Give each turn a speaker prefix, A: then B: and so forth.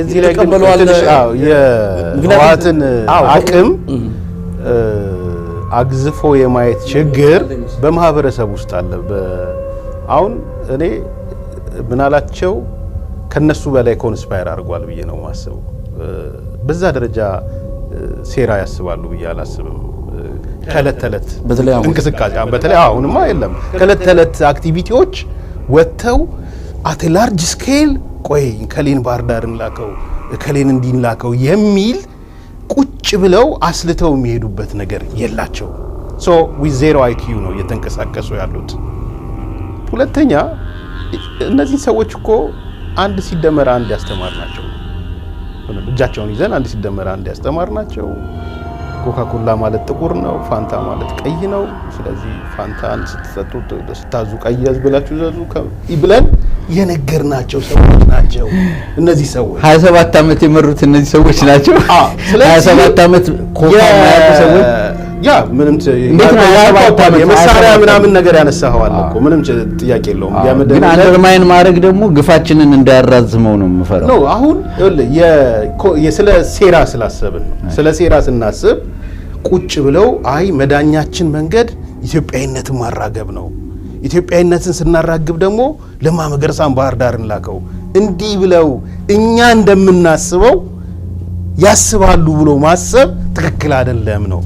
A: እዚህ ላይ የህወሓትን አቅም አግዝፎ የማየት ችግር በማህበረሰብ ውስጥ አለ። አሁን እኔ ምናላቸው ከነሱ በላይ ኮንስፓየር አድርጓል ብዬ ነው የማስበው። በዛ ደረጃ ሴራ ያስባሉ ብዬ አላስብም። ከእለት እንቅስቃሴ በተለይ አሁንማ የለም። ከእለት አክቲቪቲዎች ወጥተው አት ላርጅ ስኬል ቆይ ከሌን ባህር ዳር ላከው ከሌን እንዲንላከው የሚል ቁጭ ብለው አስልተው የሚሄዱበት ነገር የላቸው። ሶ ዜሮ አይኪዩ ነው እየተንቀሳቀሱ ያሉት። ሁለተኛ እነዚህ ሰዎች እኮ አንድ ሲደመር አንድ ያስተማር ናቸው። እጃቸውን ይዘን አንድ ሲደመር አንድ ያስተማር ናቸው። ኮካኮላ ማለት ጥቁር ነው፣ ፋንታ ማለት ቀይ ነው። ስለዚህ ፋንታን ስታዙ ቀይ ብላችሁ ዘዙ ብለን የነገርናቸው ሰዎች ናቸው። እነዚህ ሰዎች 27 ዓመት የመሩት
B: እነዚህ ሰዎች ናቸው። 27 ዓመት ኮፋ ማያውቁ ሰዎች
A: ያ ምንም የመሳሪያ ምናምን ነገር ያነሳኸዋል እኮ ምንም ጥያቄ
B: የለውም። ግን አንደርማይን ማድረግ ደግሞ ግፋችንን እንዳያራዝመው ነው የምፈራው ነው።
A: አሁን ስለ ሴራ ስላሰብን ነው። ስለ ሴራ ስናስብ ቁጭ ብለው አይ መዳኛችን መንገድ ኢትዮጵያዊነትን ማራገብ ነው ኢትዮጵያዊነትን ስናራግብ ደግሞ ለማ መገርሳን ባህር ዳርን ላከው። እንዲህ ብለው እኛ እንደምናስበው ያስባሉ ብሎ ማሰብ ትክክል አይደለም ነው።